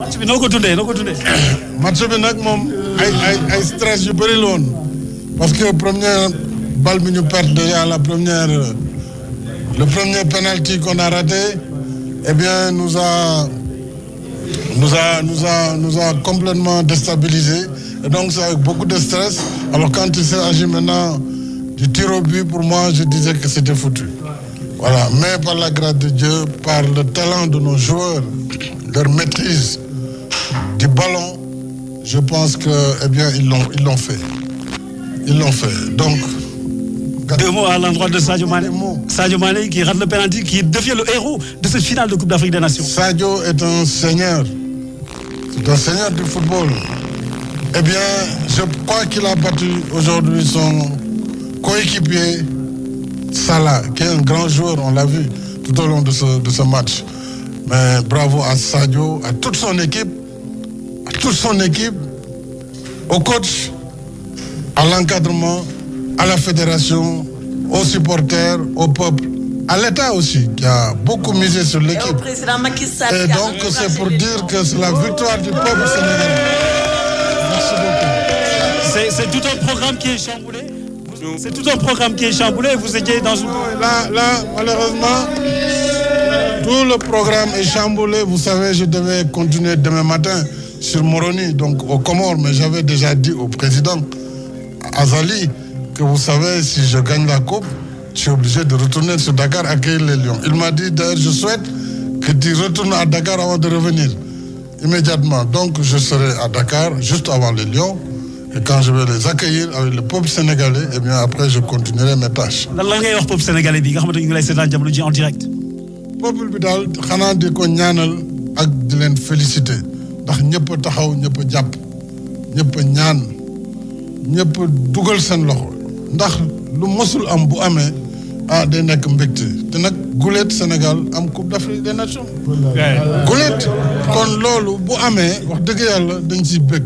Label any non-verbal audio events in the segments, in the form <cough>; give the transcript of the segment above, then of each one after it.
match bi noo ko <coughs> match bi nag moom ay stress yu bëri la parce que première balle bi ñu perte déjà la première le premier penalty qu'on a raté eh bien nous a nous a nous a nous complètement déstabilisé et donc c'est avec beaucoup de stress alors quand pour moi je disais que c'était foutu voilà mais par la grâce de Dieu par le talent de nos joueurs leur maîtrise du ballon, je pense que, eh bien, ils l'endroit de Sadio Mané. Sadio Mané qui rate le penalty, qui devient le héros de cette finale de Coupe d'Afrique des Nations. Sadio est un seigneur. du football. Eh bien, je crois qu'il a battu aujourd'hui son coéquipier Salah, qui est un grand joueur, on l'a vu tout au long de ce, match. Mais bravo à Sadio, à toute son équipe. toute son équipe, au coach, à l'encadrement, à la fédération, aux supporters, au peuple, à l'État aussi, qui a beaucoup misé sur l'équipe. Et, au président Macky Sall Et donc, c'est pour dire que c'est la victoire du peuple oh. sénégalais. Merci beaucoup. C'est tout un programme qui est chamboulé c'est tout un programme qui est chamboulé. Vous étiez dans une. Là, là, malheureusement, tout le programme est chamboulé. Vous savez, je devais continuer demain matin. sur Moroni, donc aux Comores. Mais j'avais déjà dit au président Azali que vous savez, si je gagne la coupe, je obligé de retourner sur Dakar accueillir les Lions. Il m'a dit d'ailleurs, je avant de revenir immédiatement. Donc je serai à Dakar juste avant les Lions. Et quand je vais les accueillir avec le peuple sénégalais, et eh bien je continuerai mes tâches. lan lan ngay wax peuple sénégalais bi nga xamante ni ñu ngi lay seetaan jamono ji en direct. peuple xanaa di ko ñaanal wax ñëpp a taxaw ñëpp a jàpp ñëpp ñaan ñëpp a dugal seen loxo ndax lu mosul am bu amee ah day nekk mbégte te nag guléet Sénégal am Coupe d'Afrique des Nations guléet kon loolu bu amee wax dëgg yàlla dañ si bég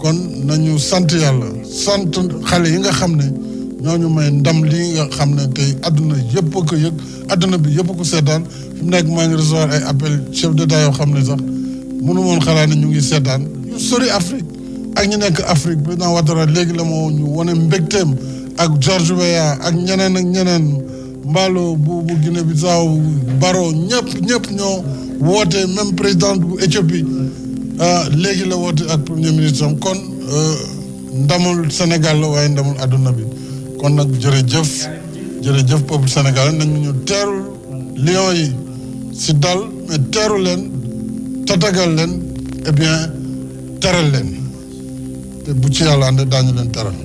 kon nañu sant yàlla sant xale yi nga xam ne ñoo ñu may ndam lii nga xam ne tey àdduna yëpp a ko yëg àdduna bi yëpp a ko seetaan fi mu nekk maa ngi recevoir ay appel chef d'état yoo xam ne sax mënu woon xalaat ne ñu ngi seetaan ñu sori Afrique ak ñu nekk Afrique président Ouattara léegi la moo ñu wane mbégteem ak George Weah ak ñeneen ak ñeneen Mballo bu bu Guinée Baro ñëpp ñëpp ñoo woote même président bu Éthiopie ah, léegi la woote ak premier ministre am kon euh, ndamul Sénégal la waaye ndamul àdduna bi kon nag jërëjëf jërëjëf peuple sénégalais nañu ñu teerul lion yi si dal mais teeru leen tatagal leen et eh bien teral leen te bu ci yàlla ànd daañu leen teral